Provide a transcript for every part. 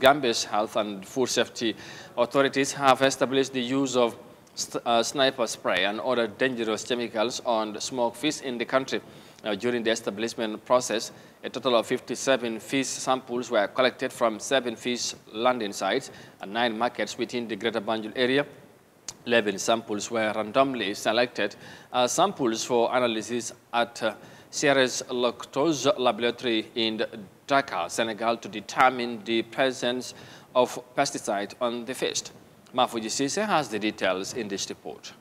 Gambia's health and food safety authorities have established the use of uh, sniper spray and other dangerous chemicals on smoked fish in the country. during the establishment process, a total of 57 fish samples were collected from seven fish landing sites and nine markets within the Greater Banjul area. 11 samples were randomly selected as samples for analysis at uh, Sierra's Lactose Laboratory in Dakar, Senegal, to determine the presence of pesticide on the fish. Mafuji Sise has the details in this report.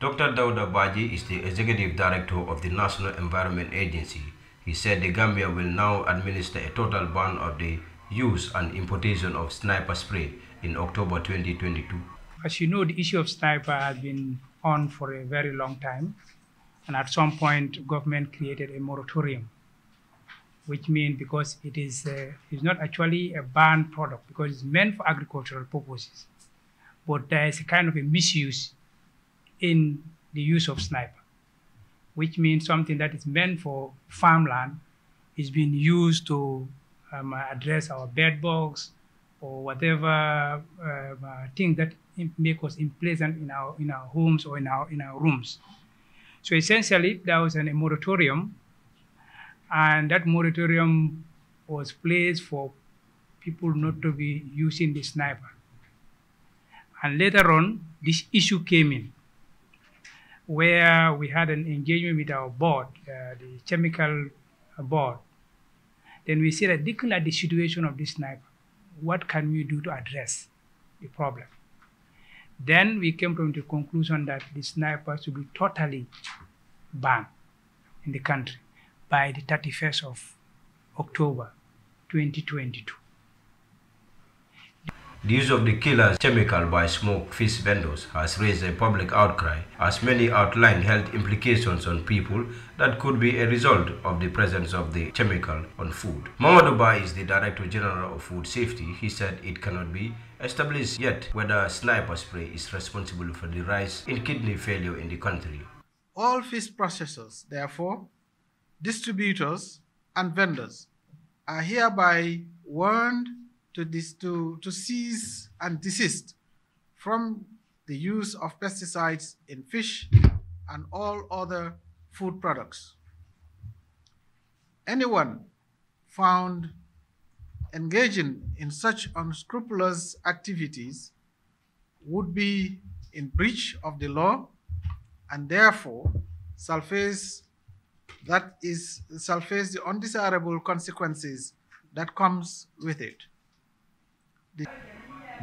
Dr. Dauda Baji is the executive director of the National Environment Agency. He said the Gambia will now administer a total ban of the use and importation of sniper spray in October 2022. As you know, the issue of sniper has been on for a very long time. And at some point, government created a moratorium which means because it is uh, it's not actually a banned product because it's meant for agricultural purposes. But there is a kind of a misuse in the use of sniper, which means something that is meant for farmland is being used to um, address our bed bugs or whatever um, uh, thing that make us unpleasant in our in our homes or in our in our rooms. So essentially, there was an, a moratorium and that moratorium was placed for people not to be using the sniper. And later on, this issue came in where we had an engagement with our board, uh, the chemical board. Then we said, looking at the situation of this sniper, what can we do to address the problem? Then we came to the conclusion that the sniper should be totally banned in the country by the 31st of October 2022. The use of the killer chemical by smoke fish vendors has raised a public outcry as many outline health implications on people that could be a result of the presence of the chemical on food. Mamadou Dubai is the Director General of Food Safety. He said it cannot be established yet whether sniper spray is responsible for the rise in kidney failure in the country. All fish processors, therefore, distributors, and vendors are hereby warned to, dis- to, to cease and desist from the use of pesticides in fish and all other food products. Anyone found engaging in such unscrupulous activities would be in breach of the law and therefore shall face that is surface the undesirable consequences that comes with it. The,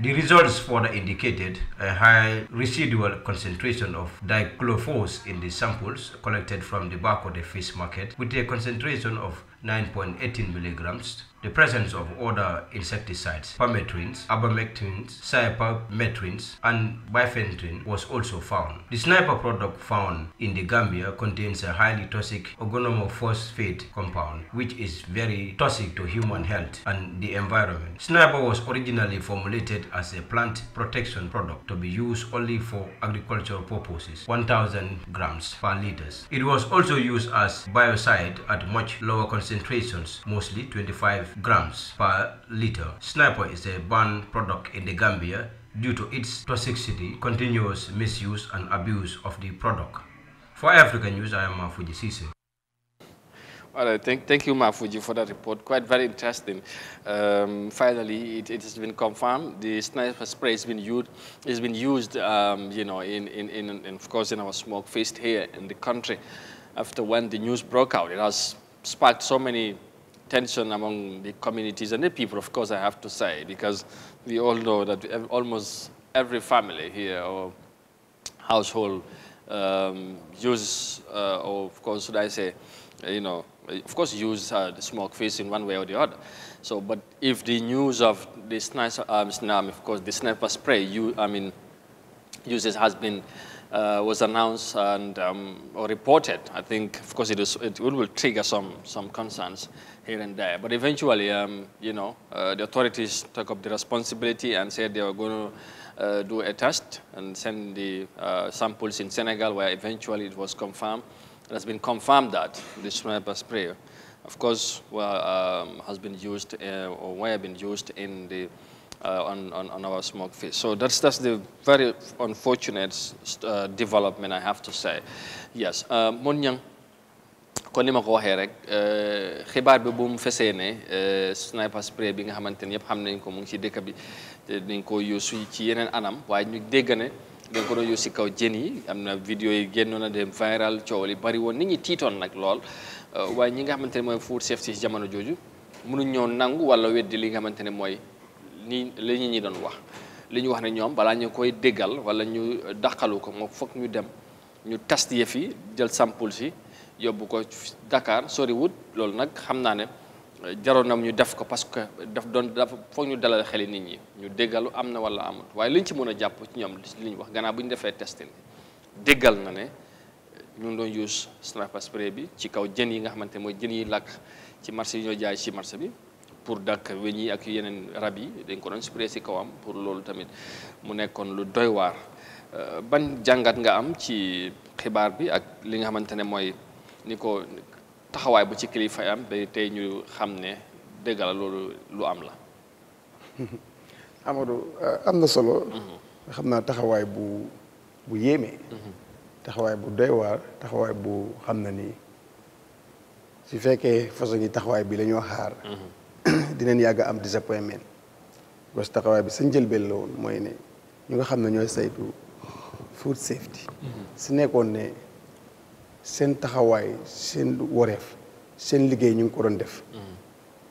the results further indicated a high residual concentration of dichlorophos in the samples collected from the back of the fish market with a concentration of 9.18 milligrams, the presence of other insecticides, permetrins, abamectins, cypermetrins, and bifenthrin was also found. The sniper product found in the Gambia contains a highly toxic organomophosphate compound, which is very toxic to human health and the environment. Sniper was originally formulated as a plant protection product to be used only for agricultural purposes, 1000 grams per liters. It was also used as biocide at much lower concentrations concentrations, mostly 25 grams per liter. Sniper is a banned product in the Gambia due to its toxicity, continuous misuse and abuse of the product. For African News, I am Mafuji Sise. All right, thank, thank you, Mafuji, for that report. Quite very interesting. Um, finally, it, it, has been confirmed. The sniper spray has been used, has been used um, you know, in, in, in, in, of course, in our smoke fest here in the country. After when the news broke out, it has sparked so many tension among the communities and the people, of course, I have to say, because we all know that almost every family here or household um, uses, uh, or of course, should I say, you know, of course use uh, the smoke fish in one way or the other. So, but if the news of this nice um, of course, the sniper spray, you, I mean, uses has been uh, was announced and um, or reported, I think, of course, it, is, it will trigger some, some concerns here and there. But eventually, um, you know, uh, the authorities took up the responsibility and said they were going to uh, do a test and send the uh, samples in Senegal, where eventually it was confirmed. It has been confirmed that the sniper spray, of course, well, um, has been used uh, or were been used in the uh, on, on, on, our smoke fish. So that's, that's the very unfortunate uh, development, I have to say. Yes, uh, Monyang, kon ni ma ko waxee rek uh, xibaar bi bu mu fesee ne uh, sniper spray bi nga xamante ne yëpp xam nañ ko mu ngi ci dëkk bi te dañ ko anam waaye ñu dégg ne dañ ko doon yuus si kaw jën yi am na vidéo yi génnoon na dem viral coow li bari woon nit ñi tiitoon nag lool waaye ñi nga xamante ne food safety si jamono jooju mënuñ ñoo nangu wala weddi li nga xamante ne nii li ñu doon wax li ñu wax ne ñoom balaa ñu koy déggal wala ñu dàqalu ko moo foog ñu dem ñu test yëf jël sample si yóbbu ko Dakar soriwut loolu nag xam naa ne euh, jaroon na ñu def ko parce que daf doon dafa foog ñu dalal xeli nit ñi ñu déggalu am na wala amut waaye ñu ci mën a jàpp ci ñoom li ñu wax gannaaw bu ñu defee testing déggal na ne euh, ñu ngi doon use sniper spray bi ci kaw jën yi nga xamante mooy jën yi làkk ci marché yi ñoo jaay ci marché bi pour dak weñ rabi ak yenen rabbi dañ ko don spray ci kawam pour tamit mu nekkon lu doy war euh, ban jangat nga am ci xibar bi ak li nga xamantene takawai niko taxaway bu ci kilifa am day tay ñu xamne deggal dëgg lu am la amadou euh, amna solo mhm. xam naa bu bu takawai mhm. taxaway bu doy war taxaway bu xamna ni su fekkee façon yi bi lañu xaar mhm. dinañ yàgg am disappointment gos taxawaay bi sa njëlbeen la woon mooy ne ñu nga xam ne ñooy saytu food safety mhm. su nekkoon ne seen taxawaay seen wareef seen liggéey ñu ngi ko doon def mhm.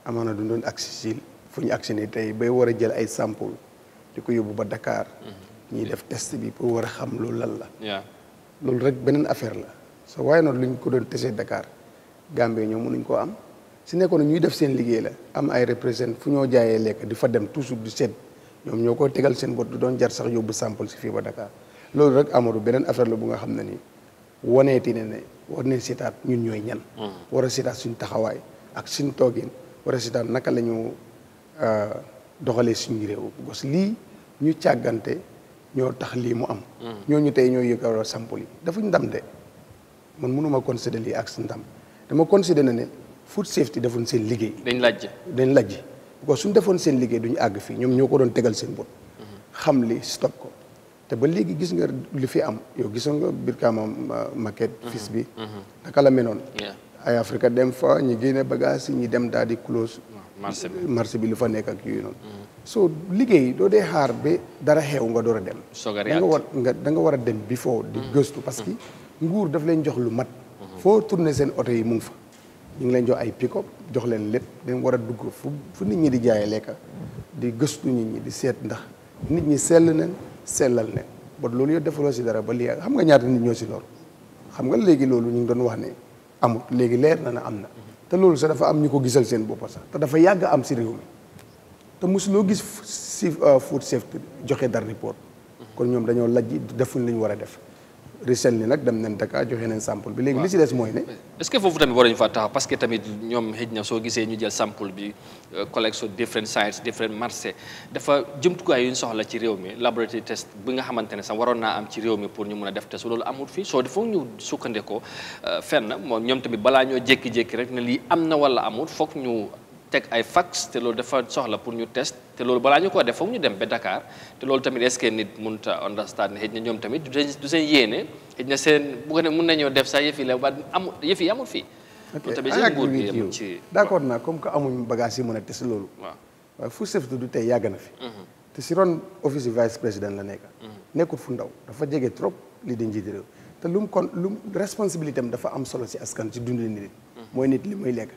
amaana du doon aksi si fu ñu agsi ni tey bay war a jël ay sample di ko yóbbu ba dakaar mhm. ñuy def test bi pour war a xam loolu lan la loolu rek beneen affaire la so waaye noonu lu ñu ko doon tesee Dakar Gambie ñoom mënuñ koo am si nekkoon ñuy def seen liggéey la am ay represent, fu ñoo jaayé lek di fa dem toujours du set ñom ñoko tégal tegal seen bot du doon jar sax yobbu sample si fi ba Dakar lolu rek Amadou benen affaire la bu nga xam ni woné ti né né war nañ ñun ñoy ñan. Mm. war a suñu taxaway ak suñu togin war a naka lañu euh doxalé suñu réew gos li ñu ciaganté ñoo tax li mu am. Mm. ñooñu tey ñoo yëgaloo sample yi dafuñ ndam de man mënuma considérer li ak suñu ndam dama considérer né food safety defoon sen liggéey. dañ lajj dañ lajj parce que suñ defoon sen liggéey duñ ag fi ñom ñoko doon tegal sen bot mhm. xam li stop ko te ba legi gis nga li fi am yow gis nga Brikama market mhm. fils bi. Mhm. naka la menoon. ay Afrique dem fa ñi gene bagage ñi dem daal di close. marché bi marché bi lu fa nek ak yooyu non so liggéey do dee xaar be dara xew nga door a dem. da nga war nga da nga wara dem before. di gëstu parce que nguur daf leen jox lu mat. fo tourner sen auto yi mu ngi fa ñu ngi leen jox ay pick up jox leen lépp dañ war a dugg fu fu nit ñi di jaay lekka di gëstu nit ñi di seet ndax nit ñi sell nañ sellal nañ bot loolu defaloo si dara ba lii xam nga ñaata nit ñoo si lor xam nga léegi loolu ñu ngi doon wax ne amut léegi leer na na am na te loolu sax dafa am ñu ko gisal seen bopp sax te dafa yàgg am si réew mi te mosuloo gis si euh, food safety joxe dar report kon ñoom dañoo laj defuñ li ñu war def Richel ni nag dem nañ Dakar joxe nañ sample bi léegi li ci des mooy ne. est-ce que foofu tamit war fa taxaw parce tamit ñoom xëj na soo gisee ñu jël sample bi euh, collect so different sites different marché dafa jumtukaay yu ñu soxla ci réew mi laboratory test bi nga xamante ne sax waroon naa am ci réew mi pour ñu mun a def test loolu amul fii soo defoog ñu sukkandekoo euh, fenn moom ñoom tamit balaa ñoo jékki-jékki rek ne lii am na walla amul fook ñu. teg ay fax te loolu dafa soxla pour ñu test te loolu balaa ñu ko def foog ñu dem ba Dakar te loolu tamit est-ce que nit mënut a understand xëj na ñoom tamit du seen yéene xëj na seen bu ko ne mën nañoo def sax yëf yi la ba amul yëf yi amul fii. ok tamit seen nguur gi yem ci d'accord naa comme que amuñ bagage yi mën a test loolu. waaw waaye fu sëf du tey yàgg na fi. Mhm. te si ron office du vice président la nekk. Mhm. nekkul fu ndaw dafa jege trop lii di njiit réew te lu mu kon lu responsabilité am dafa am solo si askan si dundu nit. mooy nit li muy lekk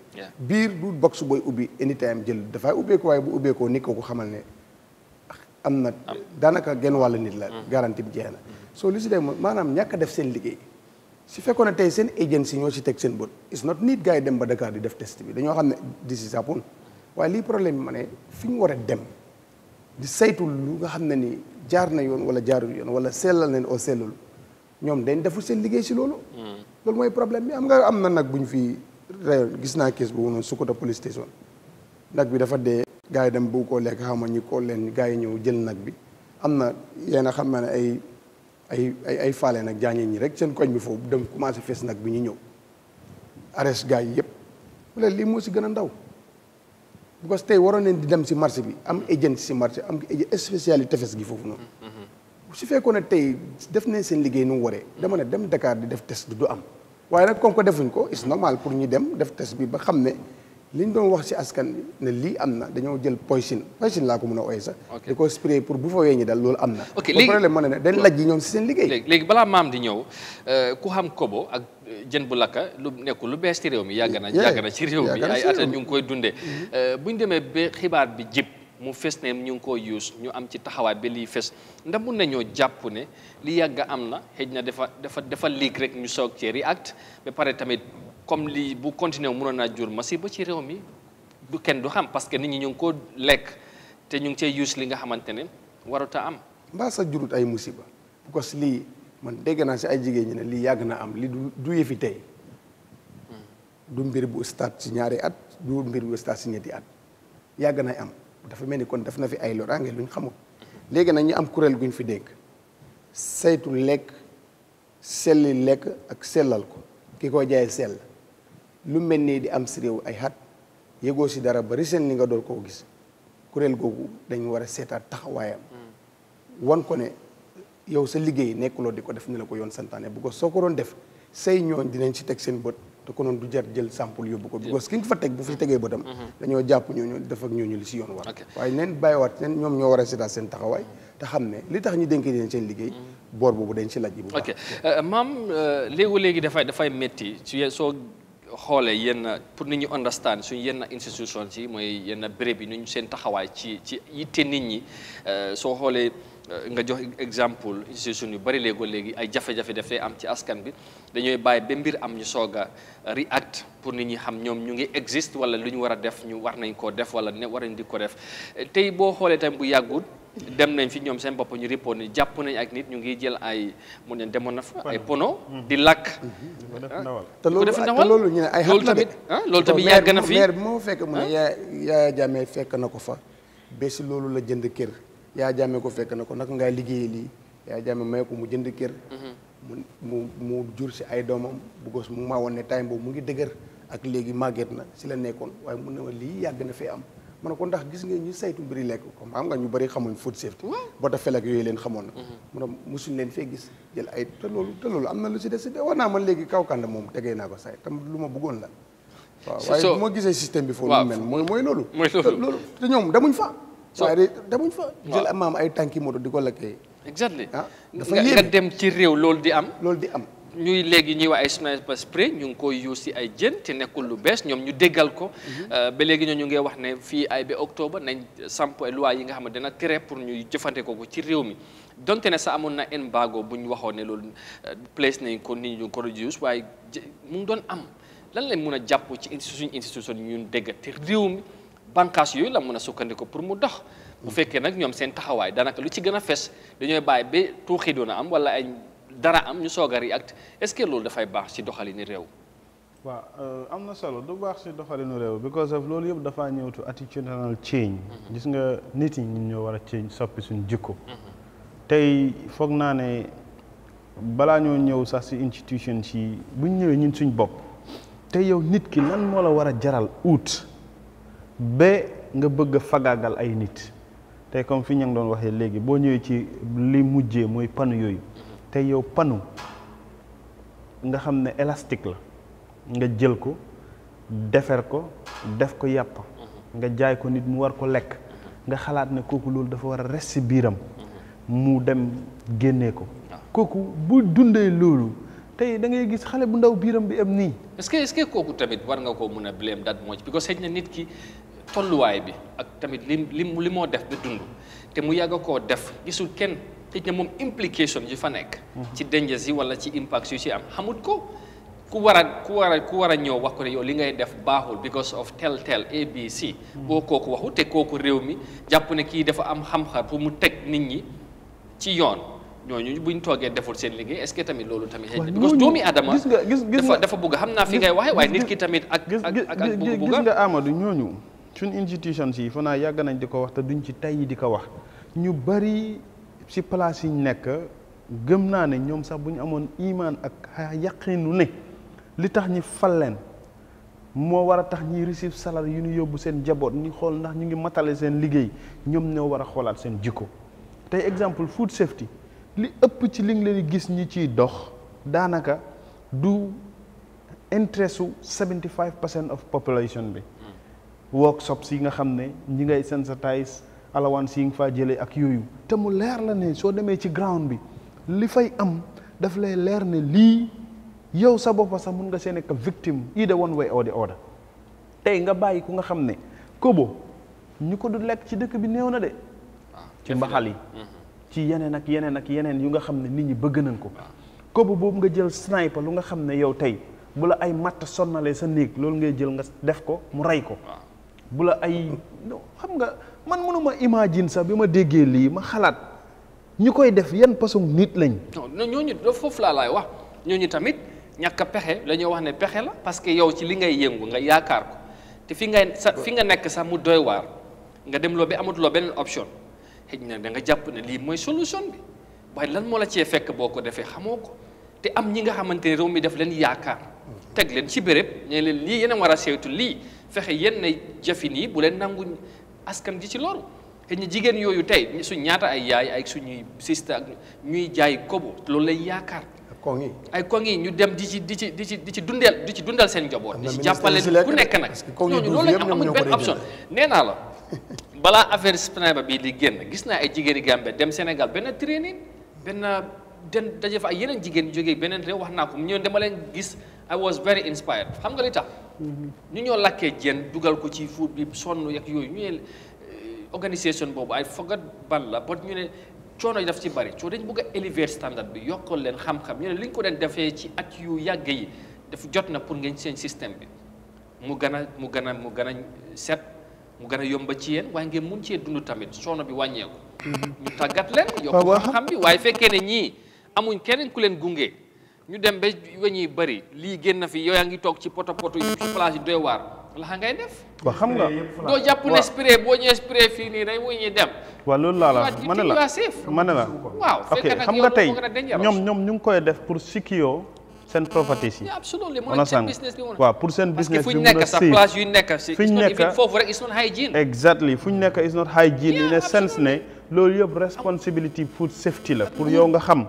biir du box booy ubbi anytime jël dafay ubbeeku waaye bu ubbeekoo nit ko ko xamal ne am na daanaka genn wàll nit la mm-hmm. garantie bi jeex na mm-hmm. soo lu si dee moom maanaam ñàkk def seen liggéey su fekkoon ne tey seen agency ñoo si teg seen bët it's not nit gars dem ba Dakar di def test bi dañoo xam ne this is lii problème bi ma fi ñu war a dem di saytu nga xam ne ni jaar na yoon wala jaarul yoon wala sellal nañ oo sellul ñoom dañ deful seen liggéey si loolu mm. loolu mooy problème bi am nga am na nag buñ fii rayon gis naa kees boobu noonu Sukuta police station nag bi dafa dee gars yi dem bëgg koo lekk ñi koo leen gars yi ñëw jël nag bi am na yéen a xam ne ay ay ay ay faale nag jaañeen ñi rek seen koñ bi foofu commencé fees nag bi ñu ñëw arrest gars yi yëpp wala moo si gën a ndaw parce tey waroon nañ di dem si marché bi am agent si marché am agent spécialité tefes gi foofu noonu mm-hmm. su fekkoon ne tey def nañ seen liggéey nu mu waree dama ne dem Dakar di def test du am waaye nag comme ko defuñ ko c'est normal pour ñu dem def tes bi ba xam ne li ñu doon wax ci askan ne lii am na dañoo jël poison poison laa ko mën a ooyee sax. di ko spray pour bu fa weñi dal loolu am na. ok léegi problème moo ne dañ laj yi ñoom ci seen liggéey. léegi léegi balaa maam di ñëw euh, ku xam kobo ak jën bu lakka lu nekkul lu bees ci réew mi. yàgg na yàgg na ci réew mi ay at ñu ngi koy dundee. Mm-hmm. Euh, bu ñu demee ba xibaar bi jib. mu fes ne ñu ngi koo use ñu am ci taxawaay bi lii fes ndax mun nañoo jàpp ne li yàgg am na xëj na defa dafa dafa liig rek ñu soog cee react ba pare tamit comme lii bu continuer mënoon naa jur masi ba ci réew mi du kenn du xam parce que nit ñi ñu ngi koo lekk te ñu ngi cee use li nga xamante ne warut a am. mbaa sa jurut ay musiba parce que lii man dégg naa si ay jigéen ñi ne lii yàgg na am li du du yëfi tey hmm. du mbir bu start si ñaari at du mbir bu start at yàgg nay am. dafa mel ni kon def na fi ay loraange luñ xamul léegi nag ñu am kuréel guñ fi dénk saytu lekk selli lekk ak sellal ko ki ko jaay sell lu mel nii di am si réew ay xat yëgoo si dara ba recent li nga dool koo gis kuréel googu dañ war a seetaat taxawaayam wan ko ne yow sa liggéey nekkuloo di ko def ni la ko yoon santaane bu ko soo ko doon def say ñooñ dinañ si teg seen bët te non du jar jël sample yobbu ko because ki nga fa tek bu fi tegee mhm. dañu japp jàpp ñu def ak ñu li ci yoon war waye neen wat neen ñom ñoo wara a seetaat seen taxaway te xamne li tax ñu denk leen seen liggey mhm. bor bobu dañ ci laj bu ok euh, mam euh, legu legi da fay da fay metti ci so xolé yenn pour nit ñi understand suñu yenn institution ci moy yenn béréb yi ñu seen taxaway ci ci yitte nit ñi euh, so xolé Euh, nga jox exemple institution yu bari léegoo léegi ay jafe-jafe daf lay am ci askan bi dañooy bàyyi ba mbir am ñu soog a react pour nit ñi xam ñoom ñu ngi existe wala lu ñu war a def ñu war nañ koo def wala ne war di ko def tey boo xoolee tamit bu yàggut dem nañ fi ñoom seen bopp ñu report ni jàpp nañ ak nit ñu ngi jël mu ne demoon na fa ay pono mhm. di lakk mhm. te ah, loolu ñu ne ay loolu ah, tamit loolu tamit yàgg na fi maire ah. na ko fa ba si loolu la jënd kër yaa jàmme ko fekk na ko naka ngaa liggéeyee lii yaa jàmme may ko mu jënd kër. Mhm. mu mu mu jur si ay doomam bu gos mu maa woon ne time boobu mu ngi dëgër ak léegi màgget na si la nekkoon waaye mun na ma lii yàgg na fee am. man ne ko ndax gis nga ñu saytu mbiri lekk comme xam nga ñu bari xamuñ food safety boo ta felak yooyu leen xamoon na mhm. mu ne leen fee gis jël ay te loolu te loolu am na lu si des si war naa man léegi kaw kànd moom tegee naa ko say tam lu ma bëggoon la waaw waaye bu ma gisee système bi foofu lu mel loolu loolu te ñoom demuñ so de demuñ fa. jël amaam ay tànki moto di ko lakkee. exactly ah, dafa nga dem ci réew loolu di am. loolu di am. ñuy léegi ñuy wax ay sniper spray ñu ngi koy use si ay jën te nekkul lu bees ñoom ñu déggal ko. Mhm. Euh, ba léegi ñoo ñu ngi wax ne fii ay ba octobre nañ samp loi yi nga xam ne dana tere pour ñuy jëfandikoo ko ci réew mi. donte ne sa amoon na embargo bu ñu waxoon ne loolu euh, place nañ ko nit ñu ko reduce waaye mu ngi doon am lan lañ mun a jàpp ci suñu institution ñun dégg te réew mi. bankas yoy la mëna sukkandiko pour mu dox bu fekke nak ñom seen taxawaay daanaka lu ci gëna fess dañoy bay bi tu xiduna am wala ay dara am ñu sogari react est-ce que da fay bax ci doxalinu réew. Eh, am amna solo du bax ci doxalinu rew because of lool yëpp da fa to attitudinal change. gis mhm. nga nit yi ñoo war change soppi suñu jikko. Mhm. tay fogg naa ne bala ñoo sax ci institution si, bu ñewé ñun suñu yo tay yow nit ki lan mo la war a jaral ut. ba nga bëgg a fagaagal ay nit tey comme fi ñu ngi doon waxee léegi boo ñëwee ci li mujjee mooy panu yooyu te yow panu nga xam ne élastique la nga jël ko defer ko def ko yàpp nga jaay ko nit mu war ko lekk nga xalaat ne kooku loolu dafa war a res si biiram mu dem génnee ko kooku bu dundee loolu tey da ngay gis xale bu ndaw biiram bi am nii. est-ce kooku tamit war nga koo mun a blame dat moo ci parce que na nit ki tolluwaay bi ak tamit li li li moo def ba dund te mu yàgg koo def gisul kenn xëj na moom implication yi fa nekk. Mhm. ci dangers yi wala ci impacts yu ci am xamut ko ku war a ku war a ku war a ñëw wax ko ne yow li ngay def baaxul because of tel tel ABC. Mhm. boo kooku waxu te kooku réew mi jàpp ne kii dafa am xam-xam pour mu teg nit ñi ci yoon. ñooñu buñ toogee deful seen liggéey est-ce que tamit loolu tamit. waaw ñooñu doomi Adama dafa dafa xam naa fi ngay waxee waaye nit ki tamit ak. ak ak bugg bugg gis nga Amadou ñooñu. suñ institutions yi fanaa yàgg nañ di ko wax te duñu ci tey di ko wax ñu bari ci place yi ñu nekk gëm naa ne ñoom sax bu ñu amoon imaan ak yaqinu ne li tax ñi fal leen moo war a tax ñi receive salaire yu ñu yóbbu seen jaboot ñu xool ndax ñu ngi matale seen liggéey ñoom ñoo war a xoolaat seen jikko tey exemple food safety li ëpp ci li nga leen gis ñi ciy dox daanaka du interessu 75 percent of population bi workshops yi nga xam ne ñi ngay sensitize allowance yi nga faa jëlee ak yooyu te mu leer la ne soo demee ci ground bi li fay am daf lay leer ne lii yow sa boppa sax mun nga see nekk victime either one way or the tey nga bàyyi ku nga xam ne kobo ñu ko du lekk ci dëkk bi néew na de ci mbaxal yi ci yeneen ak yeneen ak yeneen yu nga xam ne nit ñi bëgg nañ ko kobo boobu nga jël sniper lu nga xam ne yow tey bu la ay matt sonnalee sa néeg loolu ngay jël nga def ko mu rey ko bu la ay xam nga man mënuma imagine sax bi ma déggee lii ma xalaat ñu koy def yan façon nit lañ. non ñooñu da foofu laa laay wax ñooñu tamit ñàkk pexe la wax ne pexe la parce que yow ci li ngay yëngu nga yaakaar ko te fi ngay sa fi nga nekk sax mu doy waar nga dem loo bi amatuloo beneen option xëy na da nga jàpp ne lii mooy solution bi waaye lan moo la cee fekk boo ko defee xamoo ko te am ñi nga xamante ne réew mi def leen yaakaar teg leen ci béréb ne leen lii yéen war a saytu lii. fexé yenn jafin yi bu len nangu askan gi ci loru xëy jigen yoyu tay suñ ñaata ay yaay ay suñu sister ak ñuy jaay kobo loolu lay yaakar koŋ yi ay koŋ yi ñu dem di ci di ci di ci di ci dundel di ci dundal seen jobor di ci jappalé ku nekk nak ñooñu loolu lañ am amuñ benn option nee la balaa affaire spinaba bi li genn gis na ay jigéeni Gambe dem senegal ben training ben den dajé fa ay yeneen jigéen jógee benen rew waxna ko ñu demaleen gis I was very inspired xam nga li tax ñu ñoo lakkee jën dugal ko ci fuub bi sonn yak yooyu ñu ne euh, organisation boobu ay fogat bal la ba ñu ne coono def ci bari coono dañ bëgg a élever standard bi yokkal leen xam-xam ñu ne li ñu ko den defee ci at yu yàgg yi def jot na pour ngeen seen système bi mu gën a mu gën a mu gën a set mu gën a yomba ci yéen waaye ngeen mun cee dund tamit coono bi wàññeeku. Mm-hmm. ñu tàggat leen yokk xam-xam bi waaye fekkee ne ñii amuñ keneen ku leen gunge. ñu dem ba wañi bari li genn fi yow yaangi tok ci poto poto yi ci place doy war la ngay def wa xam nga do japp ne spray bo ñe spray fi ni day wañi dem wa lool la la man la man la waaw ok xam nga tay ñom ñom ñu ngi koy def pour sikio sen properties ci absolument mo sen business bi wa pour sen business bi nek sa place yu nek ci fuñ nek fofu rek is not hygiene exactly fuñ nek is not hygiene in a sense ne lool yeb responsibility food safety la pour yow nga xam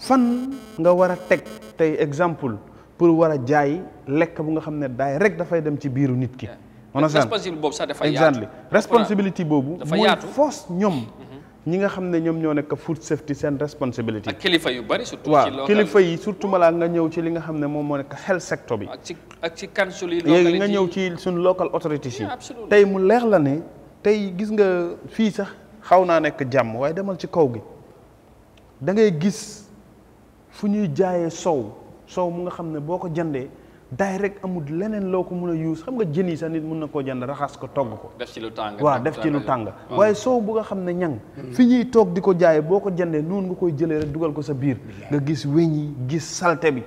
fan nga war a teg tey exemple pour war a jaay lekk bu nga xam ne daay rek dafay dem ci biiru nit ki. on responsabilité boobu sax dafa yaatu exactly responsabilité boobu. dafa yaatu mooy force ñoom. Mm-hmm. ñi nga xam ne ñoom ñoo nekk food safety seen responsibility. kilifa yu bari surtout. waaw kilifa yi surtout malaa nga ñëw ci li nga xam ne moom moo nekk health sector bi. ak ci ak ci council yi nga ñëw ci suñ local authorities yi. tey mu leex la ne tey gis nga fii sax xaw naa nekk jàmm waaye demal ci kaw gi da gis. fu ñuy jaayee sow soow mu nga xam ne boo ko jandee direct amut leneen loo ko mun a use xam nga jën yi sax nit mun na koo jënd raxas ko togg ko. def ci lu def ci lu tàng. Mm. waaye soow bu nga xam ne ñan mm. fi ñuy toog di ko jaayee boo ko jëndee noonu nga koy jëlee rek dugal ko sa biir. nga gis weñ yi gis salte bi.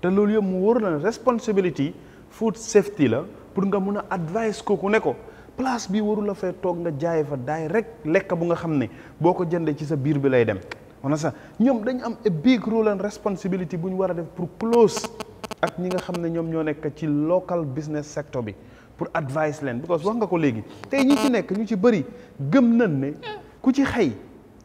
te loolu yëpp mu wóor la ne responsibility food safety la pour nga mun a ko ku ne ko place bi warula la fee toog nga jaaye fa direct lekk bu nga xam ne boo ko jëndee ci sa biir bi lay dem. on sax ñoom dañu am a big role responsibility bu ñu war a def pour close ak ñi nga xam ne ñoom ñoo nekk ci local business sector bi pour advice leen because wax nga ko léegi tey ñi ci nekk ñu ci bëri gëm nañ ne ku ci xëy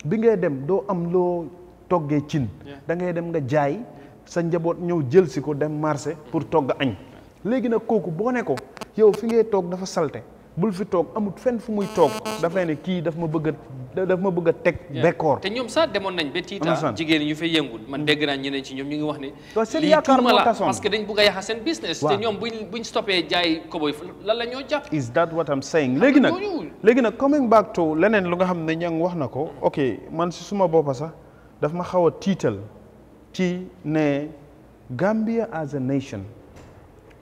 bi ngay dem doo am loo toggee cin da ngay dem nga jaay sa njaboot ñëw jël si ko dem marché pour togg añ léegi nag kooku boo ne ko yow fi ngay toog dafa salte bul fi toog amut fenn fu muy toog dafay ne kii daf ma bëgg daf ma bëgg teg bekkoor te ñoom sax demoon nañ ba tiita jigéen ñu fay yëngul man dégg naa ñeneen ci ñoom ñu ngi wax ne waaw seen yaakaar moo tasoon parce que dañ bëgg a yàq seen business te ñoom buñ buñ stoppé jaay koboy lan la ñoo jàpp is that what I'm saying léegi nag léegi nag coming back to leneen lu nga xam ne ñang wax na ko ok man si suma boppa sax daf ma xaw a tiital ci ne Gambia as a nation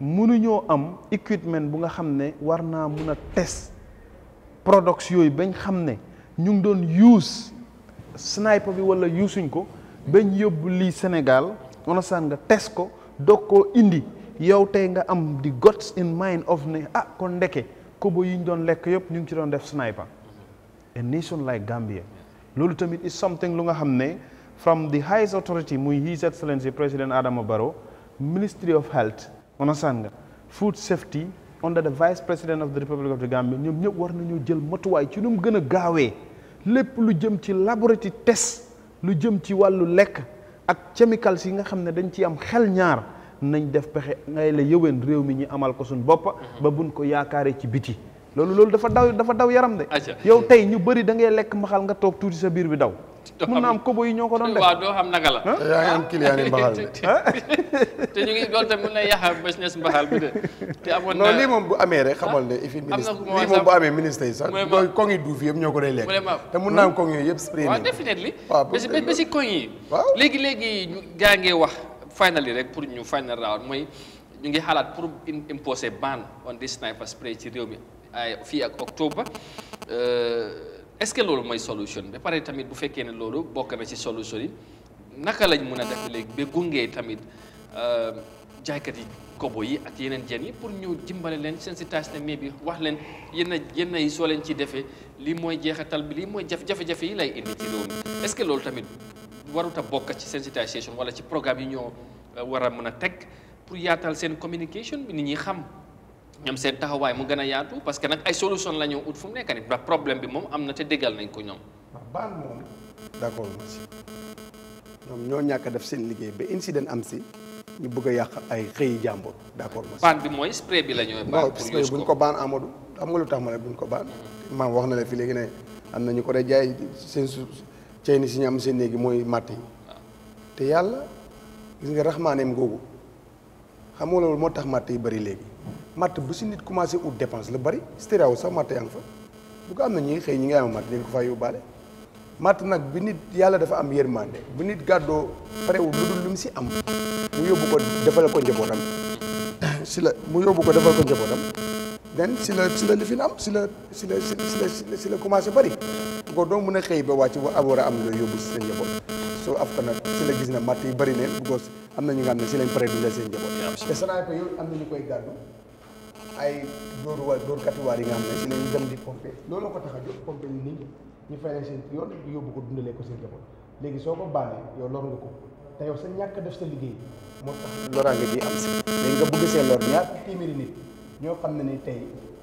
mënuñoo am équipement bu nga xam ne war naa mun a test products yooyu bañ xam ne ñu ngi doon use sniper bi wala yusuñ ko bañ yóbbu lii Sénégal onasaan nga test ko doog ko indi yow tey nga am di guts in mind of ne ah kon ndeke kobo yi ñu doon lekk yëpp ñu ngi ci doon def sniper a nation like Gambia loolu tamit is something lu nga xam ne from the highest authority muy His Excellency President Adama Barrow Ministry of Health understand nga food safety under the vice president of the republic of the Gambia ñoom ñëpp war nañoo jël matuwaay ci nu mu gën a gaawee lépp lu jëm ci laboratory test lu jëm ci wàllu lekk ak chemicals yi nga xam ne dañ ci am xel ñaar nañ def pexe ngay la yëwén réew mi ñu amal ko suñ bopp ba buñ ko yaakaaree ci biti loolu loolu dafa daw dafa daw yaram de yow tey ñu bëri da ngay lekk maxal nga toog tuuti sa biir bi daw mun na am kobo yi ñoo ko doon def waaw doo xam naka la. te ñu ngi loolu tamit mun na yàq business mbaxal bi de. te amoon na non lii moom bu amee rek xamal ne. if ah, ministre lii moom bu amee ministre yi sax. mooy koŋ yi duuf yëpp ñoo ko day lekk. te mun naa am koŋ yooyu yëpp spray. waaw definitely waaw ba si yi. waaw léegi léegi gaa ngi wax final yi rek pour ñu final round mooy ñu ngi xalaat pour imposer ban on this a spray ci réew mi ay fii ak octobre. Euh, est-ce que loolu mooy solution ba pare tamit bu fekkee ne loolu bokk na ci solution yi naka lañ mun a def léegi ba gungee tamit euh, jaaykat yi kobo yi ak yeneen jën yi pour ñu jimbale leen sensitise ne mais bi wax leen yenn yenn yi soo leen ci defee lii mooy jeexatal bi lii mooy jaf jafe-jafe yi lay indi ci réew mi ce que loolu tamit warut a bokk ci sensitisation wala ci programme yi ñoo euh, war mën a teg pour yaatal seen communication bi nit ñi xam. ñoom seen taxawaay mu gën a yaatu parce que nag ay solution la ñu ut fu mu nekk nii ba problème bi moom am na te déggal nañ ko ñoom. waaw baal moom d' accord ma si ñoom ñoo ñàkk a def seen liggéey ba incident am si ñu bëgg a yàq ay xëy jàmbur d' accord ma si. baan bi mooy spray bi la ñu. baan pour spray buñ ko baan Amadou xam nga lu tax ma ne buñ ko baan. Mm-hmm. maam wax na la fi léegi ne am na ñu ko dee jaay seen su cey ni si ñu am seen néegi mooy matt yi. Ah. te yàlla gis nga raxmaaneem googu xam nga loolu moo tax matt yi bëri léegi mat bu ci nit commencé ou dépense le bari stéréo sax mat yang fa bu ko am na ñi xey ñi nga am mat dañ ko faa yóbbaale mat nak bi nit yalla dafa am yërmande bu nit gàddoo parewu lu lu ci am mu yobbu ko defal ko Sila ci la mu yobbu ko defal ko njabotam den ci la Sila la sila am si la ci la ci la ci la commencé bari ko mune mu a xey ba wacc bu abora am lo yobbu ci sen njabot so afta nak ci la gis na mat yi bari neen bu am na ñi nga ci ne paré du pare sen njabot njaboot sa na ko yow am na ñu koy ay dóor waar dóor katiwaar yi nga xam ne si lañu dem di pompe looloo ko tax a jóg pompe yi nit ñi fay leen seen yoon yóbbu ko dundalee ko seen njaboot léegi soo ko baanee yow lor nga ko te yow sa ñàkk def sa liggéey moo tax loraange bi am si léegi nga bëgg seen lor ñaar téeméeri nit ñoo xam ne ni tey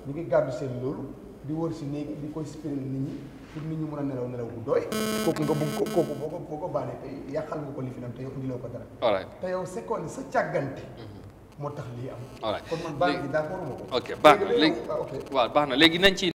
ñu ngi gàddu seen loolu di wër si néegi di koy spiral nit ñi pour nit ñi mën a nelaw nelaw bu dooy kooku nga bugg ko kooku boo ko boo ko baanee tey yàqal nga ko lifinam te yow indiloo ko dara te yow seconde sa càggante mm-hmm. moo tax lii am. ma kon man baax na d'accord ma ko. ok baax na léegi ah, waaw baax na léegi nañ ci.